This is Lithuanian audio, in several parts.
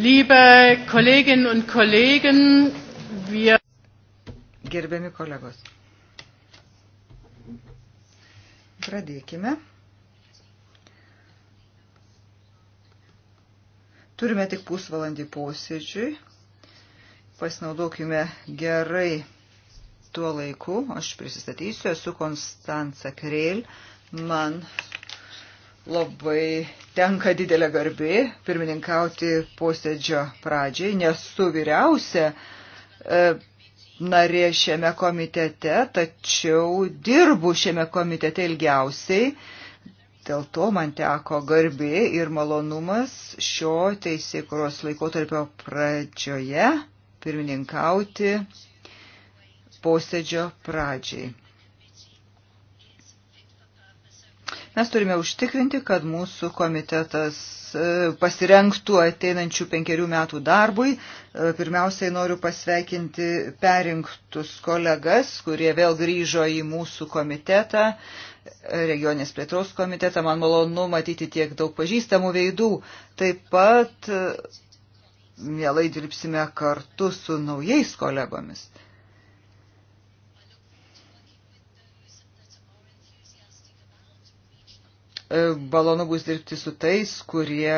Liebe Kolleginnen und Kollegen, wir Gerbiami kolegos. Pradėkime. Turime tik pusvalandį posėdžiui. Pasinaudokime gerai tuo laiku. Aš prisistatysiu, esu Konstanca Kreil. Man labai tenka didelė garbė pirmininkauti posėdžio pradžiai, nesu vyriausia e, narė šiame komitete, tačiau dirbu šiame komitete ilgiausiai. Dėl to man teko garbė ir malonumas šio teisėkuros laikotarpio pradžioje pirmininkauti posėdžio pradžiai. Mes turime užtikrinti, kad mūsų komitetas e, pasirenktų ateinančių penkerių metų darbui. E, pirmiausiai noriu pasveikinti perinktus kolegas, kurie vėl grįžo į mūsų komitetą regionės plėtros komitetą. Man malonu matyti tiek daug pažįstamų veidų. Taip pat e, mielai dirbsime kartu su naujais kolegomis. balonu e, bus dirbti su tais, kurie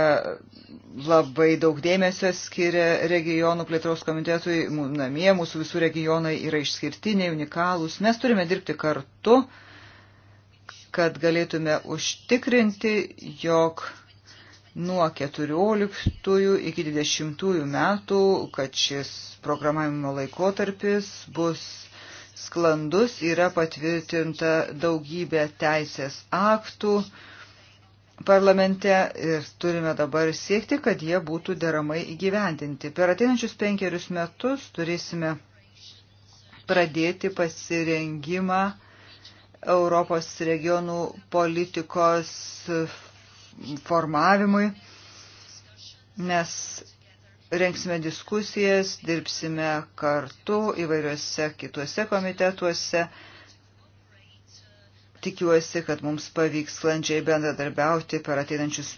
labai daug dėmesio skiria regionų plėtros komitetui. Namie mūsų visų regionai yra išskirtiniai, unikalūs. Mes turime dirbti kartu, kad galėtume užtikrinti, jog nuo 14 iki 20 metų, kad šis programavimo laikotarpis bus sklandus, yra patvirtinta daugybė teisės aktų parlamente ir turime dabar siekti, kad jie būtų deramai įgyvendinti. Per ateinančius penkerius metus turėsime pradėti pasirengimą Europos regionų politikos formavimui. Mes rengsime diskusijas, dirbsime kartu įvairiuose kituose komitetuose Tikiuosi, kad mums pavyks sklandžiai bendradarbiauti per ateinančius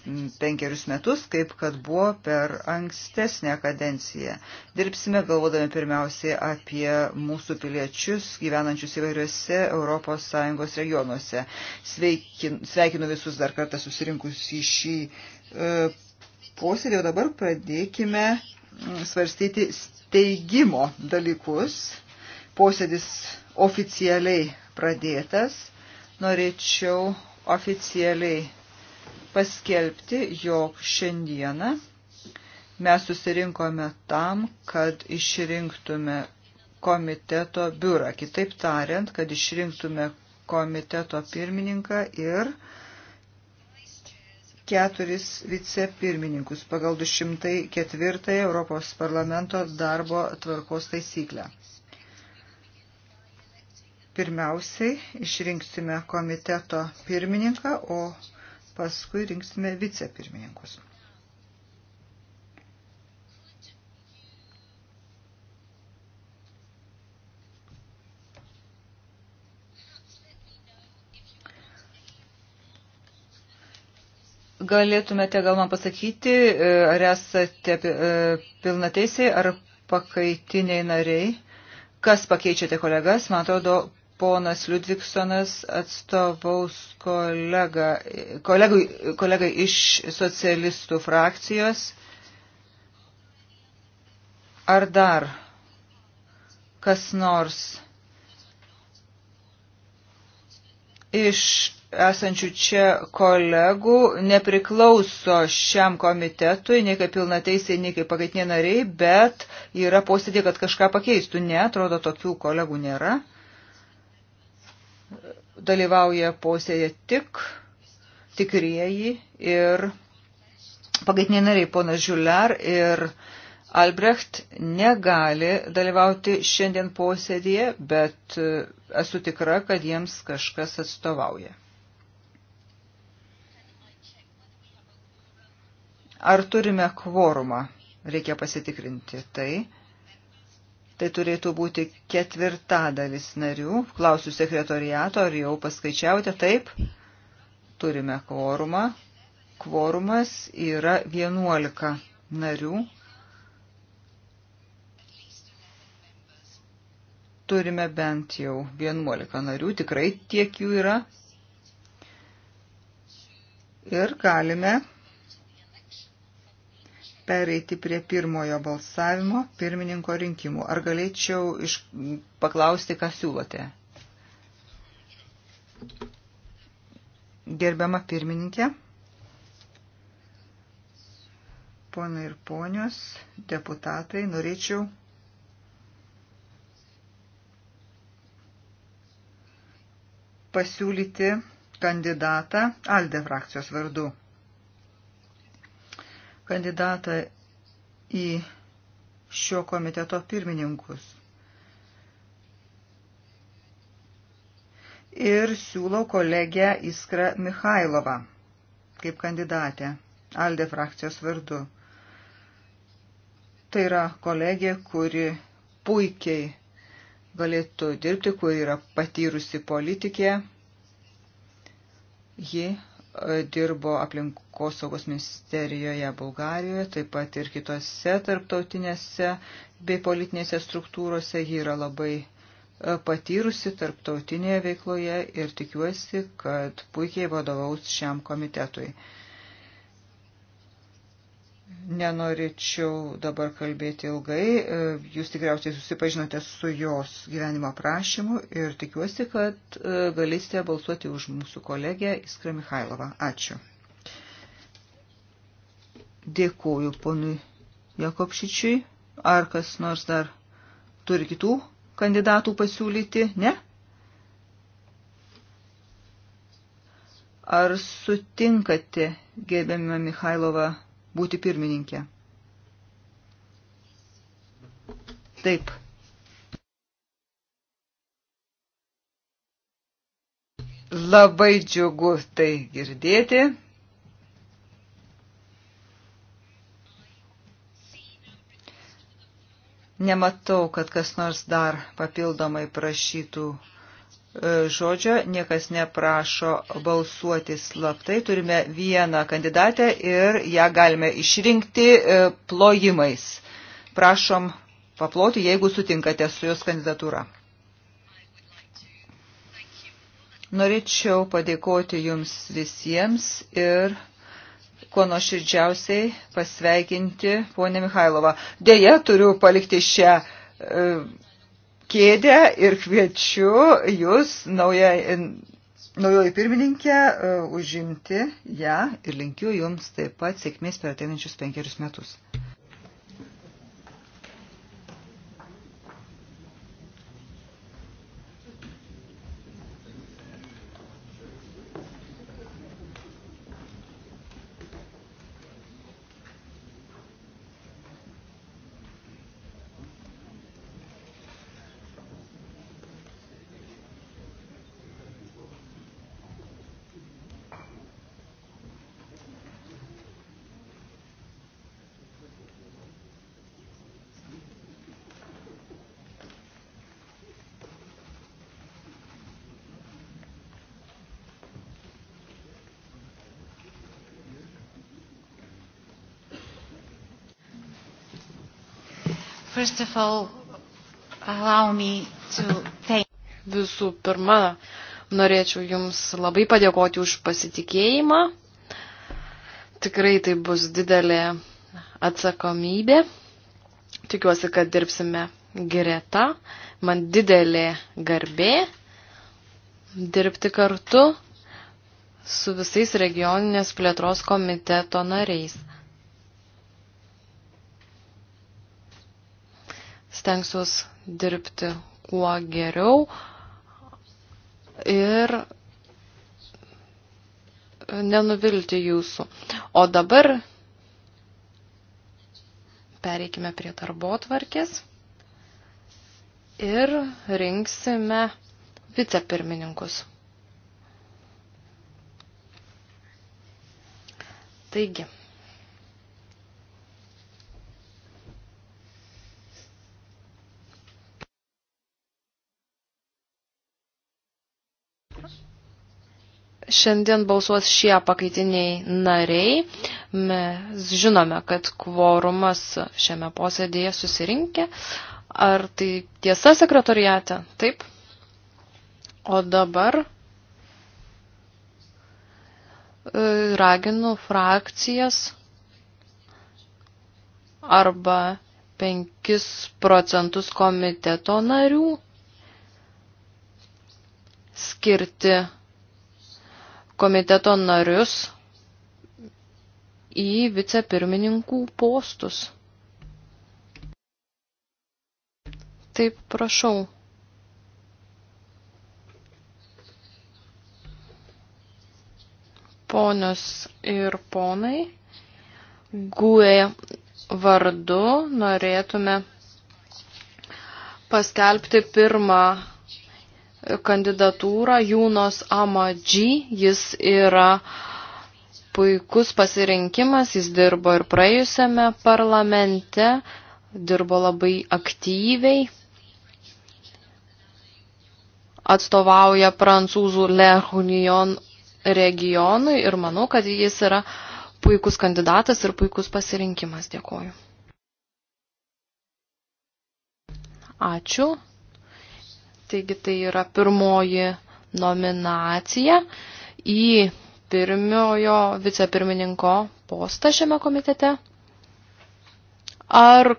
penkerius metus, kaip kad buvo per ankstesnę kadenciją. Dirbsime galvodami pirmiausiai apie mūsų piliečius gyvenančius įvairiuose ES regionuose. Sveikinu, sveikinu visus dar kartą susirinkus į šį e, posėdį, o dabar pradėkime mm, svarstyti steigimo dalykus. Posėdis oficialiai pradėtas norėčiau oficialiai paskelbti, jog šiandieną mes susirinkome tam, kad išrinktume komiteto biurą. Kitaip tariant, kad išrinktume komiteto pirmininką ir keturis vicepirmininkus pagal 204 Europos parlamento darbo tvarkos taisyklę. Pirmiausiai išrinksime komiteto pirmininką, o paskui rinksime vicepirmininkus. Galėtumėte gal man pasakyti, e, ar esate e, pilnateisiai ar pakaitiniai nariai? Kas pakeičiate kolegas? Man atrodo, ponas Ludviksonas atstovaus kolega, kolegui, kolegai iš socialistų frakcijos. Ar dar kas nors iš esančių čia kolegų nepriklauso šiam komitetui, nei kaip pilnateisiai, nei kaip pakaitiniai nariai, bet yra posėdė, kad kažką pakeistų. Ne, atrodo, tokių kolegų nėra dalyvauja posėje tik tikrieji ir pagaitiniai nariai ponas Žiuliar ir Albrecht negali dalyvauti šiandien posėdėje, bet e, esu tikra, kad jiems kažkas atstovauja. Ar turime kvorumą? Reikia pasitikrinti tai. Tai turėtų būti ketvirtadalis narių. Klausiu sekretoriato, ar jau paskaičiavote taip. Turime kvorumą. Kvorumas yra 11 narių. Turime bent jau 11 narių, tikrai tiek jų yra. Ir galime pereiti prie pirmojo balsavimo pirmininko rinkimų. Ar galėčiau iš, paklausti, ką siūlote? Gerbiama pirmininkė, ponai ir ponios, deputatai, norėčiau pasiūlyti kandidatą Alde frakcijos vardu kandidatą į šio komiteto pirmininkus. Ir siūlau kolegę Iskra Mikhailovą kaip kandidatę Alde frakcijos vardu. Tai yra kolegė, kuri puikiai galėtų dirbti, kuri yra patyrusi politikė. Ji dirbo aplinkosaugos ministerijoje Bulgarijoje, taip pat ir kitose tarptautinėse bei politinėse struktūrose. Ji yra labai e, patyrusi tarptautinėje veikloje ir tikiuosi, kad puikiai vadovaus šiam komitetui. Nenorėčiau dabar kalbėti ilgai. E, Jūs tikriausiai susipažinote su jos gyvenimo aprašymu ir tikiuosi, kad e, galėsite balsuoti už mūsų kolegę Iskra Mikhailovą. Ačiū. Dėkuoju ponui Jakobšičiui. Ar kas nors dar turi kitų kandidatų pasiūlyti? Ne? Ar sutinkate, gerbiamą Mikhailovą? būti pirmininkė. Taip. Labai džiugu tai girdėti. Nematau, kad kas nors dar papildomai prašytų E, žodžio, niekas neprašo balsuoti slaptai. Turime vieną kandidatę ir ją galime išrinkti e, plojimais. Prašom paploti, jeigu sutinkate su jos kandidatūra. Norėčiau padėkoti jums visiems ir kuo nuoširdžiausiai pasveikinti ponę Mihailovą. Deja, turiu palikti šią e, kėdę ir kviečiu jūs naują, naujoji pirmininkę e, užimti ją ja, ir linkiu jums taip pat sėkmės per ateinančius penkerius metus. First of all, allow me to thank. Visų pirma, norėčiau Jums labai padėkoti už pasitikėjimą. Tikrai tai bus didelė atsakomybė. Tikiuosi, kad dirbsime greta. Man didelė garbė dirbti kartu su visais regioninės plėtros komiteto nariais. stengsiuos dirbti kuo geriau ir nenuvilti jūsų. O dabar pereikime prie darbo tvarkės ir rinksime vicepirmininkus. Taigi. Šiandien balsuos šie pakaitiniai nariai. Mes žinome, kad kvorumas šiame posėdėje susirinkė. Ar tai tiesa sekretoriate? Taip. O dabar e, raginu frakcijas arba 5 procentus komiteto narių skirti komiteto narius į vicepirmininkų postus. Taip prašau. Ponios ir ponai, GUE vardu norėtume paskelbti pirmą kandidatūrą Jūnos Amadži. Jis yra puikus pasirinkimas, jis dirbo ir praėjusiame parlamente, dirbo labai aktyviai, atstovauja prancūzų Le Union regionui ir manau, kad jis yra puikus kandidatas ir puikus pasirinkimas. Dėkoju. Ačiū. Taigi tai yra pirmoji nominacija į pirmiojo vicepirmininko postą šiame komitete. Ar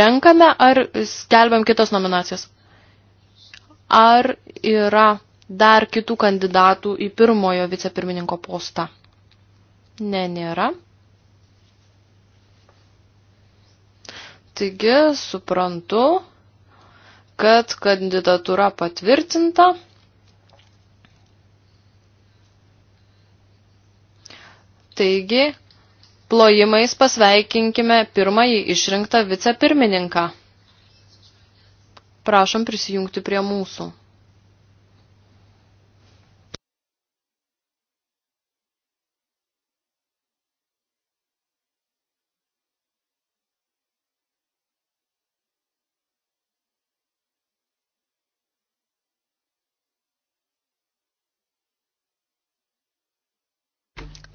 renkame, ar skelbiam kitas nominacijas? Ar yra dar kitų kandidatų į pirmojo vicepirmininko postą? Ne, nėra. Taigi, suprantu, kad kandidatūra patvirtinta. Taigi, plojimais pasveikinkime pirmąjį išrinktą vicepirmininką. Prašom prisijungti prie mūsų.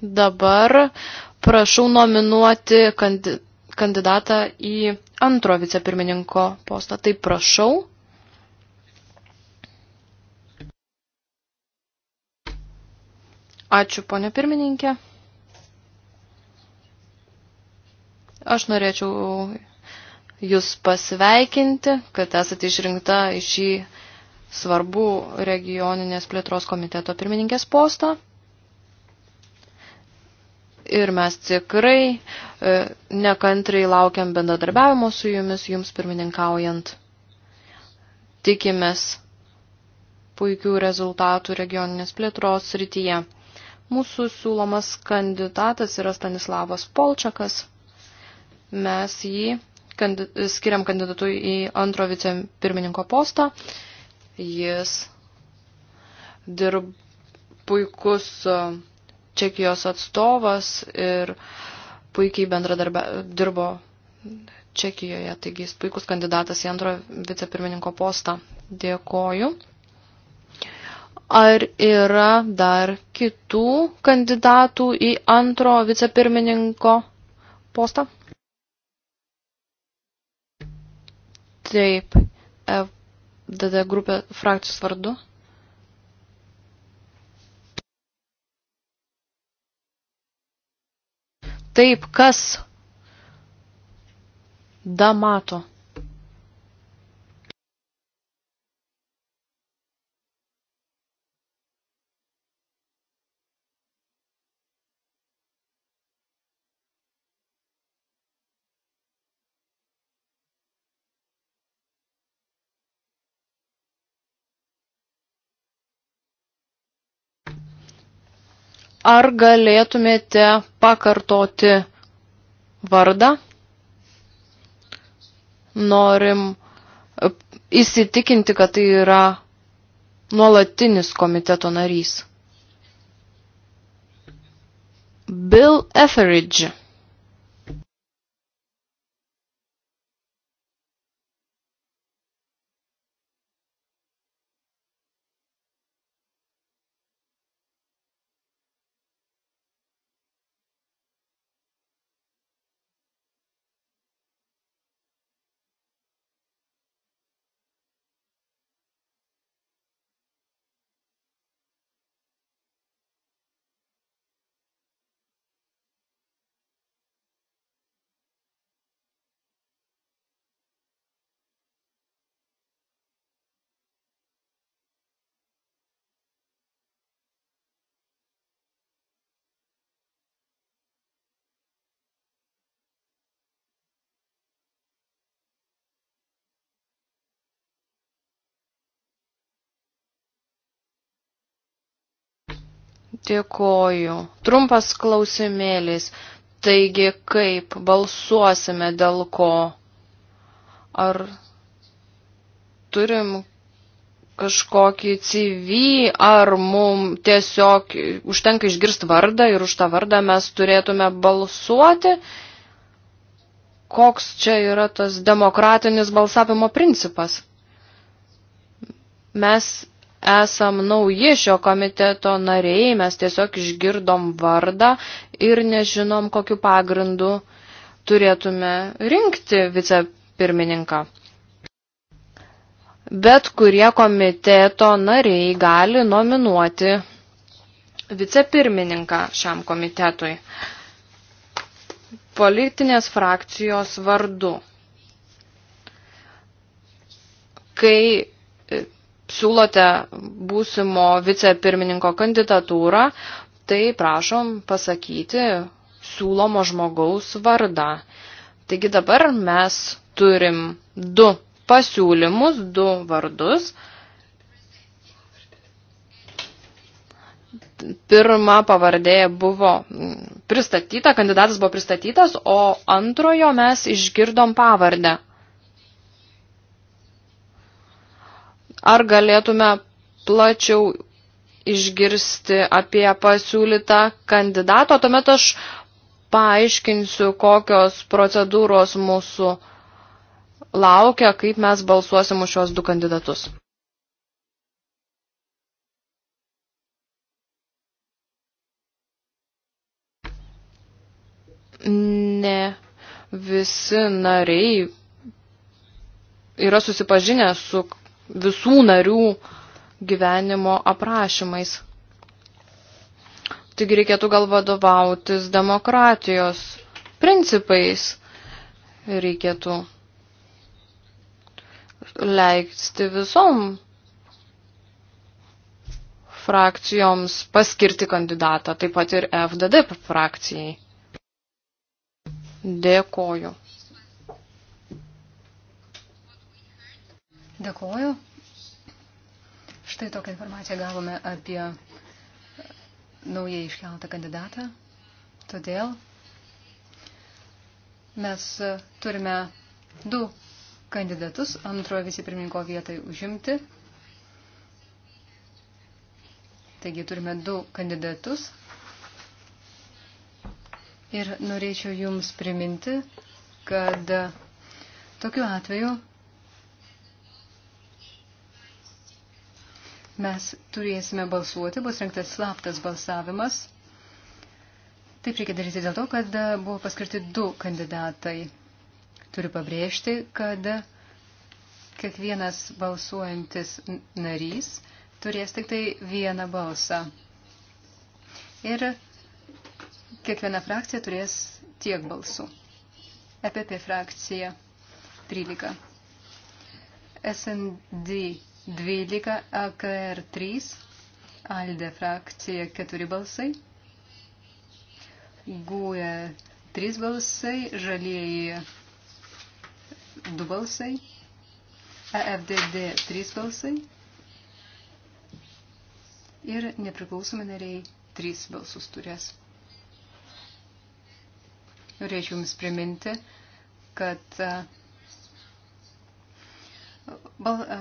Dabar prašau nominuoti kandidatą į antro vicepirmininko postą. Tai prašau. Ačiū, ponė pirmininkė. Aš norėčiau Jūs pasveikinti, kad esate išrinkta į šį svarbų regioninės plėtros komiteto pirmininkės postą. Ir mes tikrai e, nekantrai laukiam bendradarbiavimo su jumis, jums pirmininkaujant. Tikimės puikių rezultatų regioninės plėtros srityje. Mūsų siūlomas kandidatas yra Stanislavas Polčakas. Mes jį kandi skiriam kandidatu į antro vicepirmininko postą. Jis dirb puikus uh, Čekijos atstovas ir puikiai bendradarbia dirbo Čekijoje, taigi jis puikus kandidatas į antro vicepirmininko postą. Dėkoju. Ar yra dar kitų kandidatų į antro vicepirmininko postą? Taip, FDD grupė frakcijos vardu. taip, kas da mato. Ar galėtumėte pakartoti vardą? Norim e, įsitikinti, kad tai yra nuolatinis komiteto narys. Bill Etheridge. Dėkoju. Trumpas klausimėlis. Taigi, kaip balsuosime dėl ko? Ar turim kažkokį CV, ar mum tiesiog užtenka išgirsti vardą ir už tą vardą mes turėtume balsuoti? Koks čia yra tas demokratinis balsavimo principas? Mes esam nauji šio komiteto nariai, mes tiesiog išgirdom vardą ir nežinom, kokiu pagrindu turėtume rinkti vicepirmininką. Bet kurie komiteto nariai gali nominuoti vicepirmininką šiam komitetui politinės frakcijos vardu. Kai siūlote būsimo vicepirmininko kandidatūrą, tai prašom pasakyti siūlomo žmogaus vardą. Taigi dabar mes turim du pasiūlymus, du vardus. Pirma pavardė buvo pristatyta, kandidatas buvo pristatytas, o antrojo mes išgirdom pavardę Ar galėtume plačiau išgirsti apie pasiūlytą kandidatą, tuomet aš paaiškinsiu, kokios procedūros mūsų laukia, kaip mes balsuosim už šios du kandidatus. Ne visi nariai yra susipažinę su visų narių gyvenimo aprašymais. Taigi reikėtų gal vadovautis demokratijos principais. Reikėtų leisti visom frakcijoms paskirti kandidatą, taip pat ir FDD frakcijai. Dėkoju. Dėkuoju. Štai tokią informaciją gavome apie naujai iškeltą kandidatą. Todėl mes turime du kandidatus antrojo vicepirmininko vietai užimti. Taigi turime du kandidatus. Ir norėčiau Jums priminti, kad tokiu atveju mes turėsime balsuoti, bus rinktas slaptas balsavimas. Taip reikia daryti dėl to, kad e, buvo paskirti du kandidatai. Turiu pabrėžti, kad kiekvienas balsuojantis narys turės tik tai vieną balsą. Ir kiekviena frakcija turės tiek balsų. EPP frakcija 13. SND 12 AKR 3, Alde frakcija 4 balsai, Guja 3 e balsai, Žalieji 2 balsai, EFDD 3 balsai ir nepriklausomi nariai 3 balsus turės. Norėčiau Jums priminti, kad uh, bal, e,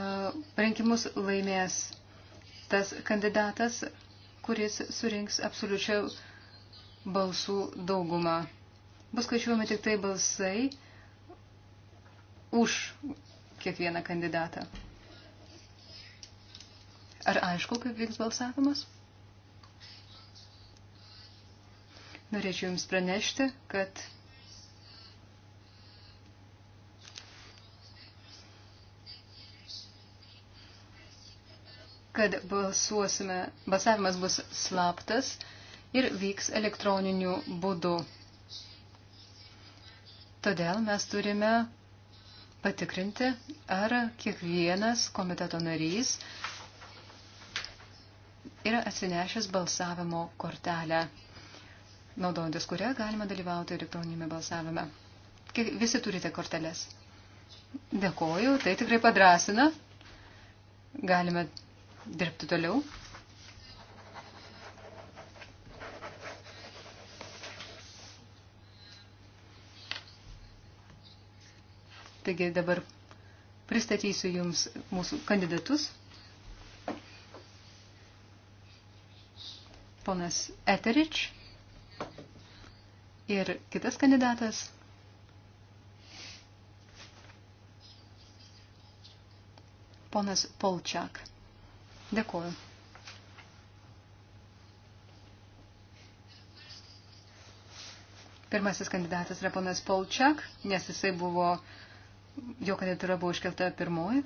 rinkimus laimės tas kandidatas, kuris surinks absoliučią balsų daugumą. Bus skaičiuojami tik tai balsai už kiekvieną kandidatą. Ar aišku, kaip vyks balsavimas? Norėčiau Jums pranešti, kad kad balsuosime, balsavimas bus slaptas ir vyks elektroniniu būdu. Todėl mes turime patikrinti, ar kiekvienas komiteto narys yra atsinešęs balsavimo kortelę, naudojantis kurią galima dalyvauti elektroninėme balsavime. Visi turite korteles. Dėkoju, tai tikrai padrasina. Galime dirbti toliau. Taigi dabar pristatysiu Jums mūsų kandidatus. Ponas Eterič ir kitas kandidatas. Ponas Polčak. Dėkuoju. Pirmasis kandidatas yra ponas Polčak, nes jisai buvo, jo kandidatūra buvo iškelta pirmoji.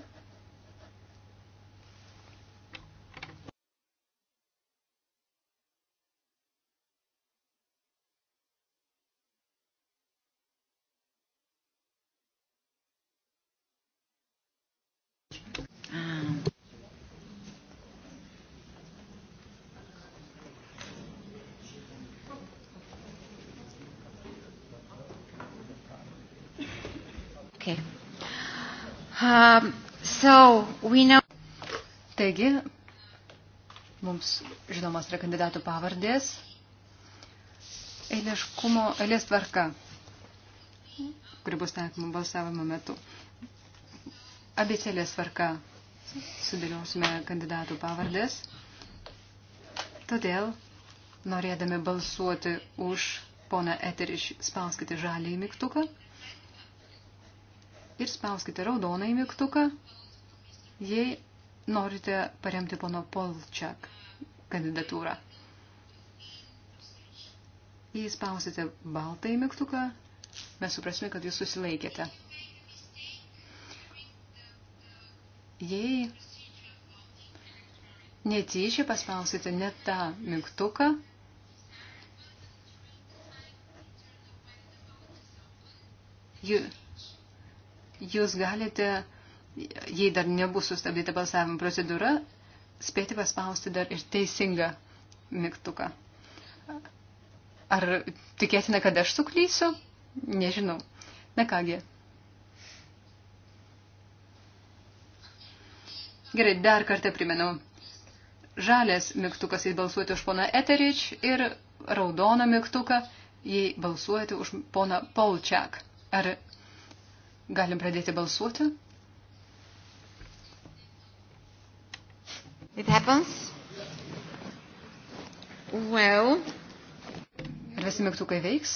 So, know... Taigi, mums žinomas yra kandidatų pavardės. Eiliškumo, eilės tvarka, kuri bus taikoma balsavimo metu. Abicelės tvarka sudėliosime kandidatų pavardės. Todėl, norėdami balsuoti už poną Eteriš, spauskite žalį mygtuką ir spauskite raudonąjį mygtuką jei norite paremti pono Polčak kandidatūrą. Jei spausite baltąjį mygtuką, mes suprasime, kad jūs susilaikėte. Jei netyčia paspausite ne tą mygtuką, jūs galite jei dar nebus sustabdyta balsavimo procedūra, spėti paspausti dar ir teisingą mygtuką. Ar tikėtina, kad aš suklysiu? Nežinau. Na kągi. Gerai, dar kartą primenu. Žalės mygtukas jei balsuoti už poną Eterič ir raudoną mygtuką jei balsuojate už poną Polčiak. Ar galim pradėti balsuoti? It happens. Well. Ar visi mygtukai veiks?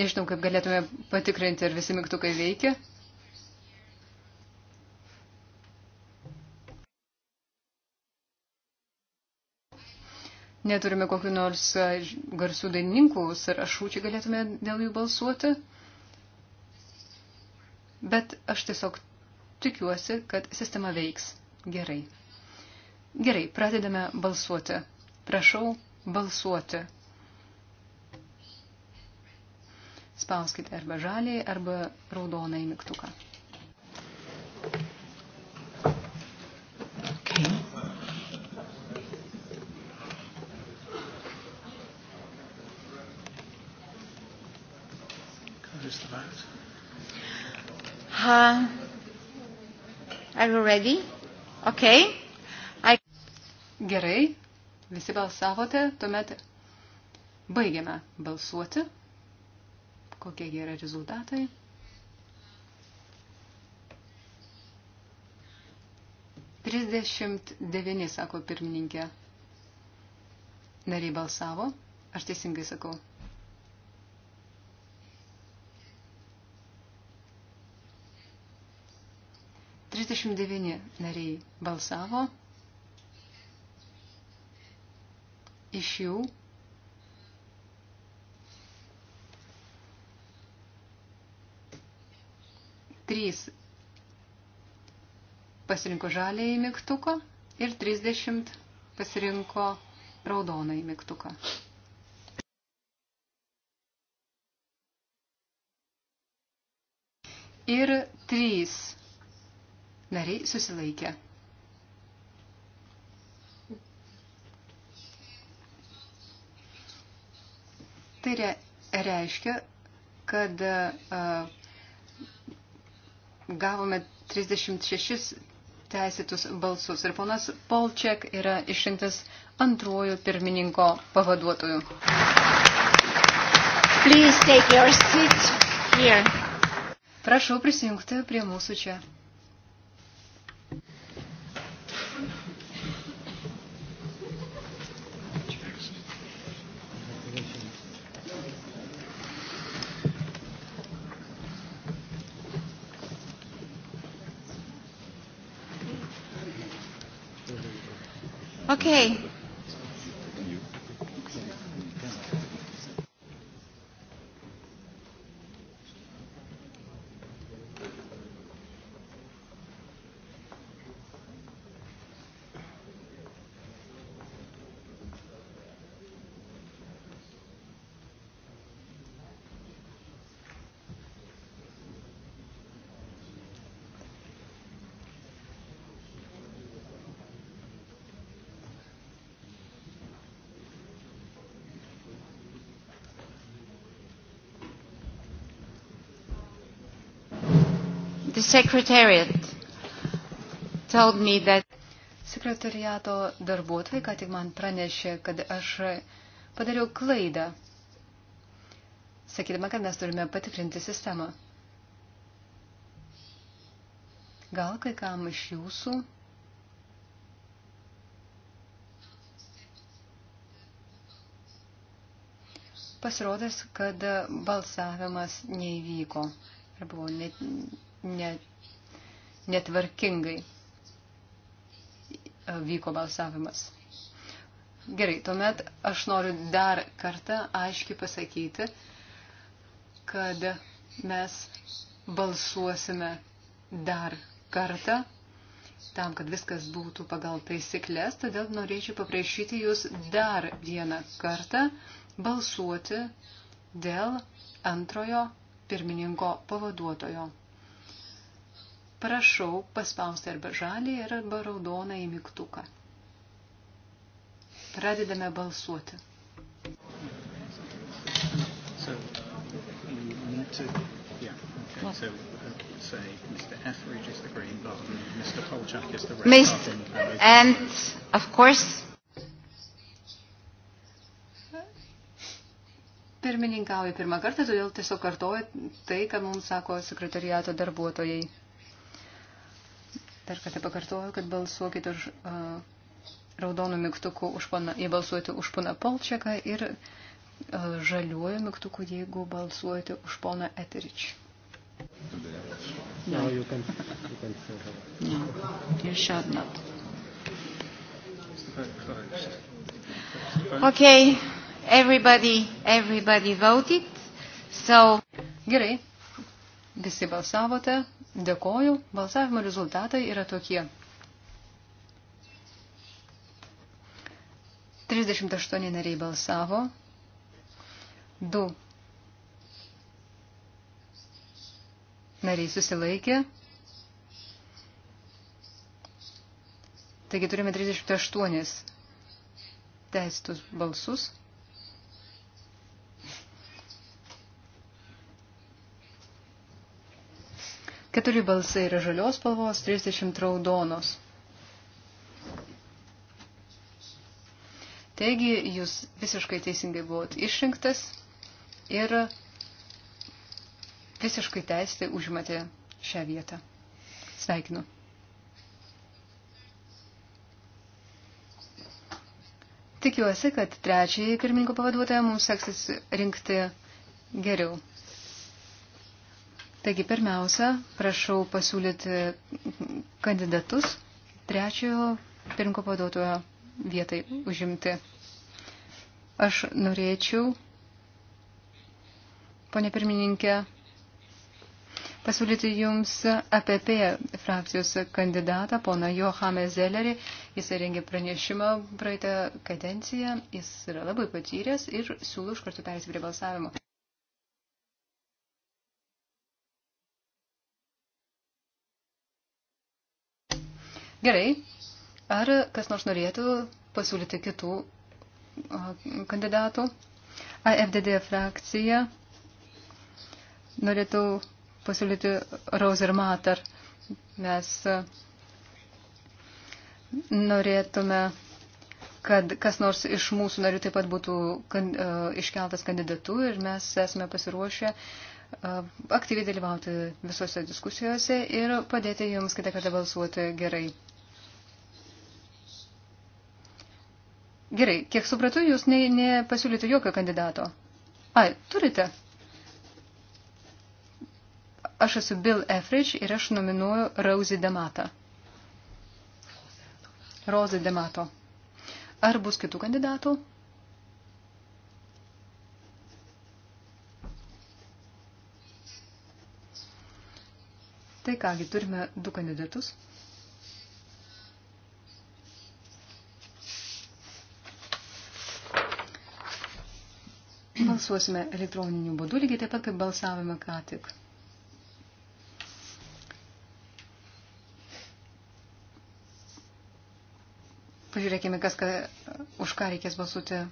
Nežinau, kaip galėtume patikrinti, ar visi mygtukai veikia. Neturime kokiu nors garsų dainininkų sąrašų, čia galėtume dėl jų balsuoti. Bet aš tiesiog tikiuosi, kad sistema veiks. Gerai. Gerai, pradedame balsuoti. Prašau balsuoti. Spauskite arba žaliai, arba raudonai mygtuką. Okay. Uh, are you ready? Okay. I... Gerai, visi balsavote, tuomet baigiame balsuoti. Kokie yra rezultatai? Trisdešimt devyni, sako pirmininkė. Nariai balsavo, aš teisingai sakau. 39 nariai balsavo. Iš jų trys pasirinko žaliai mygtuką ir 30 pasirinko raudonai mygtuką. ir trys nariai susilaikė. Tai re, reiškia, kad uh, gavome 36 teisėtus balsus ir ponas Polčiak yra išrinktas antruoju pirmininko pavaduotoju. Prašau prisijungti prie mūsų čia. Okay. Secretariat told me that Sekretariato darbuotojai ką tik man pranešė, kad aš padariau klaidą, sakydama, kad mes turime patikrinti sistemą. Gal kai kam iš jūsų pasirodęs, kad balsavimas neįvyko ir buvo net, netvarkingai vyko balsavimas. Gerai, tuomet aš noriu dar kartą aiškiai pasakyti, kad mes balsuosime dar kartą tam, kad viskas būtų pagal taisyklės, todėl norėčiau paprašyti jūs dar vieną kartą balsuoti dėl antrojo pirmininko pavaduotojo prašau paspausti arba žalį ir arba raudoną į mygtuką. Pradedame balsuoti. So, to, yeah, okay, so, uh, say Mr. Etheridge is the green button, Mr. Polchak is the red Mist, button. And, of course, pirmininkauja pirmą kartą, todėl tiesiog kartoju tai, ką mums sako sekretariato darbuotojai. Dar kartą pakartoju, kad balsuokite už uh, raudonų mygtukų už pana, jei balsuojate už pana Polčiaką ir uh, žaliuoju mygtuku, jeigu balsuojate už pana Eterič. No, you can, you can say no, you should not. Okay, everybody, everybody voted, so... Gerai, visi balsavote. Dėkoju. Balsavimo rezultatai yra tokie. 38 nariai balsavo. 2 nariai susilaikė. Taigi turime 38 teistus balsus. Keturi balsai yra žalios spalvos, 30 raudonos. Taigi, jūs visiškai teisingai buvot išrinktas ir visiškai teisėtai užmatė šią vietą. Sveikinu. Tikiuosi, kad trečiąjį pirmininko pavaduotoją mums seksis rinkti geriau. Taigi pirmiausia, prašau pasiūlyti kandidatus trečiojo pirinko paduotojo vietai užimti. Aš norėčiau, ponė pirmininkė, pasiūlyti Jums APP frakcijos kandidatą, poną Johamę Zellerį. Jis rengė pranešimą praeitą kadenciją, jis yra labai patyręs ir siūlau iš karto perėti prie balsavimo. Gerai. Ar kas nors norėtų pasiūlyti kitų kandidatų? AFDD frakcija norėtų pasiūlyti Roser Matar. Mes norėtume, kad kas nors iš mūsų narių taip pat būtų kan, uh, iškeltas kandidatu ir mes esame pasiruošę uh, aktyviai dalyvauti visose diskusijose ir padėti jums kitą kartą balsuoti gerai. Gerai, kiek supratau, jūs nepasiūlyte ne, ne jokio kandidato. Ai, turite. Aš esu Bill Efridge ir aš nominuoju Rauzi Dematą. Rozi Demato. Ar bus kitų kandidatų? Tai kągi, turime du kandidatus. balsuosime elektroniniu būdu, lygiai taip pat, kaip balsavome ką tik. Pažiūrėkime, kas, ka, už ką reikės balsuoti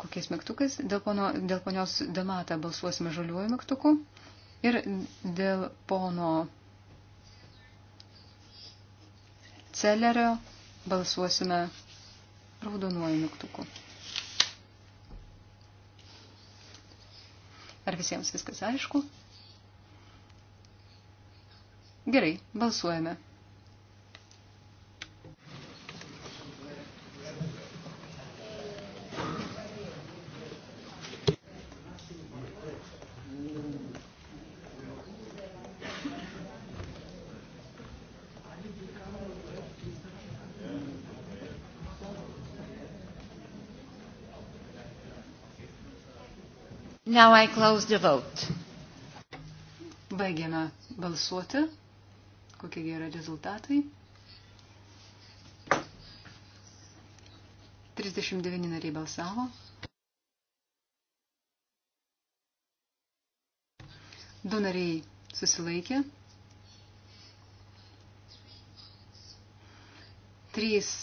kokiais mygtukais. Dėl, pono, dėl ponios Damata balsuosime žaliuoju mygtuku ir dėl pono Celerio balsuosime raudonuoju mygtuku. Ar visiems viskas aišku? Gerai, balsuojame. Now I close the vote. Baigiame balsuoti. Kokie yra rezultatai? 39 nariai balsavo. Du nariai susilaikė. Trys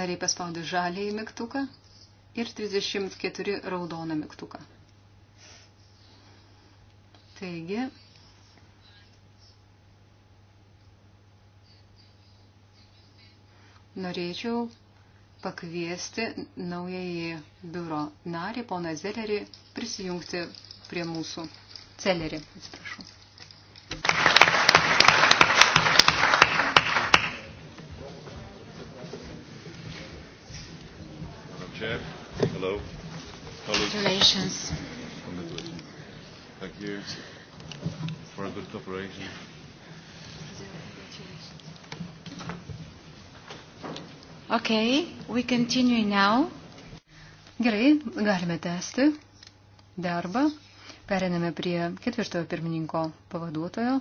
nariai paspaudė žalį į mygtuką ir 34 raudoną mygtuką. Taigi, norėčiau pakviesti naująjį biuro narį, poną Zelerį, prisijungti prie mūsų. Celerį, atsiprašau. Congratulations. Congratulations. Thank you for a good cooperation. Okay, we continue now. Gerai, galime tęsti darbą. Periname prie ketvirtojo pirmininko pavaduotojo.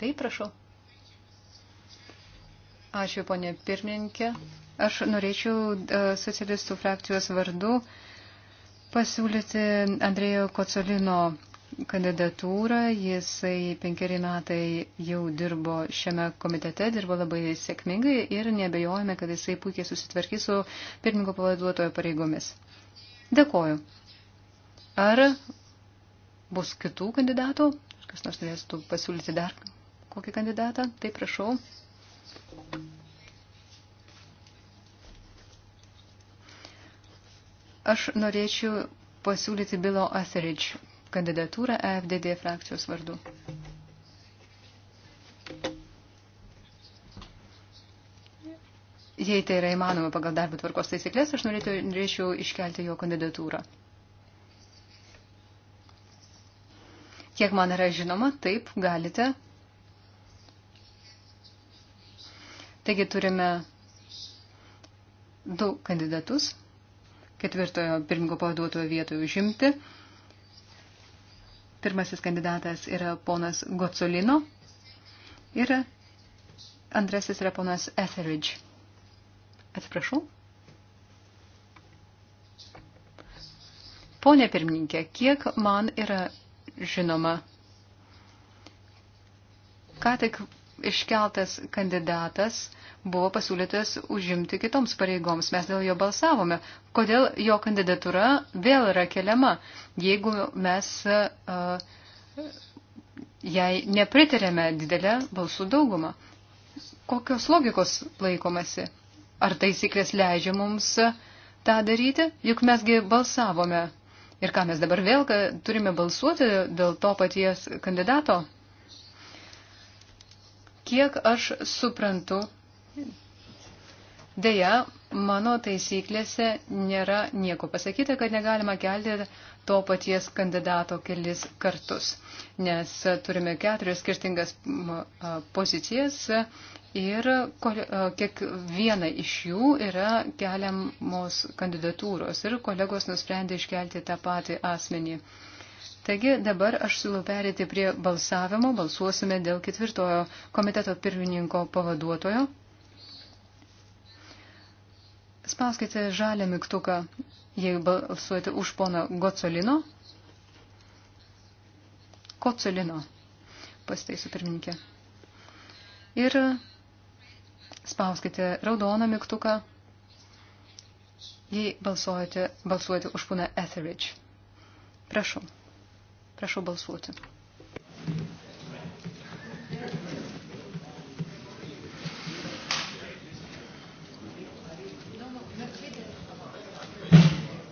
Taip, prašau. Ačiū, ponė pirmininkė. Aš norėčiau e, socialistų frakcijos vardu pasiūlyti Andrėjo Kocolino kandidatūrą. Jisai penkeri metai jau dirbo šiame komitete, dirbo labai sėkmingai ir nebejojame, kad jisai puikiai susitvarkys su pirmininko pavaduotojo pareigomis. Dėkoju. Ar bus kitų kandidatų? Kas nors norėtų pasiūlyti dar kokį kandidatą? Tai prašau. Thank you. Aš norėčiau pasiūlyti Bilo Aseridž kandidatūrą e FDD frakcijos vardu. Jei tai yra įmanoma pagal darbo tvarkos taisyklės, aš norėtų, norėčiau iškelti jo kandidatūrą. Kiek man yra žinoma, taip, galite. Taigi turime du kandidatus ketvirtojo pirmininko pavaduotojo vietoje užimti. Pirmasis kandidatas yra ponas Gocolino ir antrasis yra ponas Etheridge. Atsiprašau. Pone pirmininkė, kiek man yra žinoma, ką tik iškeltas kandidatas buvo pasiūlytas užimti kitoms pareigoms. Mes dėl jo balsavome. Kodėl jo kandidatūra vėl yra keliama, jeigu mes uh, jai nepritarėme didelę balsų daugumą? Kokios logikos laikomasi? Ar taisyklės leidžia mums tą daryti? Juk mesgi balsavome. Ir ką mes dabar vėl turime balsuoti dėl to paties kandidato? Kiek aš suprantu, dėja, mano taisyklėse nėra nieko pasakyta, kad negalima kelti to paties kandidato kelis kartus, nes turime keturias skirtingas pozicijas ir kiekviena iš jų yra keliamos kandidatūros ir kolegos nusprendė iškelti tą patį asmenį. Taigi dabar aš siūlau perėti prie balsavimo. Balsuosime dėl ketvirtojo komiteto pirmininko pavaduotojo. Spauskite žalią mygtuką, jei balsuojate už poną Gocolino. Kocolino, pasitaisiu pirmininkė. Ir spauskite raudoną mygtuką, jei balsuojate, balsuojate už poną Etheridge. Prašau. Prašau balsuoti.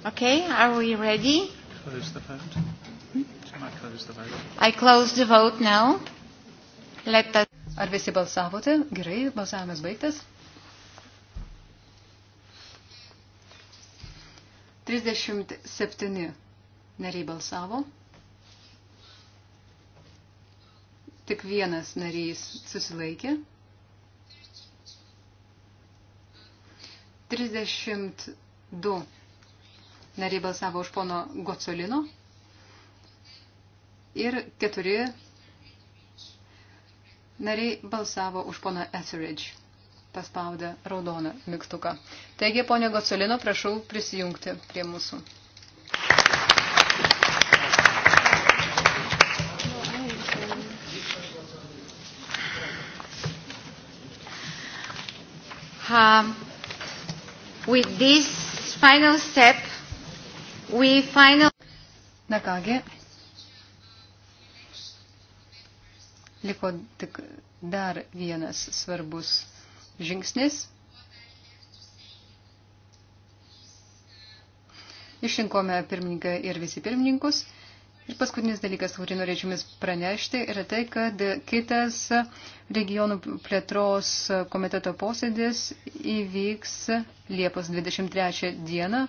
Okay, are we ready? Close the vote. Hmm? Can I close the vote? I close the vote now. Let us... Ar visi balsavote? Gerai, balsavimas baigtas. 37 nariai balsavo. Tik vienas narys susilaikė. 32 nariai balsavo už pono Gocolino ir keturi nariai balsavo už pono Etheridge paspaudę raudoną mygtuką. Taigi, ponė Gocolino, prašau prisijungti prie mūsų. Um, with this final step, we final... Na kągi, liko tik dar vienas svarbus žingsnis. Išrinkome pirmininką ir visi pirmininkus. Ir paskutinis dalykas, kurį norėčiau Jums pranešti, yra tai, kad kitas regionų plėtros komiteto posėdis įvyks Liepos 23 dieną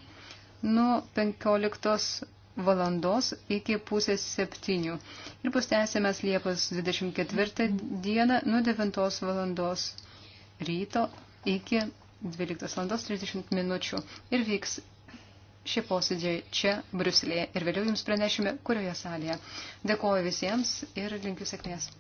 nuo 15 valandos iki pusės septynių. Ir pustęsėmės Liepos 24 dieną nuo 9 valandos ryto iki 12 valandos 30 minučių. Ir vyks šie posėdžiai čia, Briuselėje. Ir vėliau jums pranešime, kurioje salėje. Dėkuoju visiems ir linkiu sėkmės.